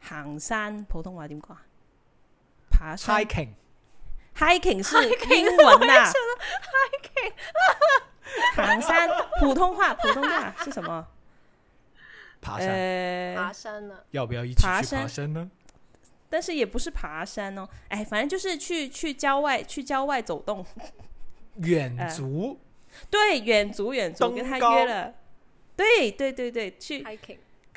行山普通話點講？爬山。hiking hiking 是英文啊。hiking 行山普通話普通話是什麼？爬山。呃、爬山呢？要不要一起去爬山呢爬山？但是也不是爬山哦，哎，反正就是去去郊外去郊外走動。遠足。呃、對，遠足遠足，我跟他約了對。對對對對，去、hiking.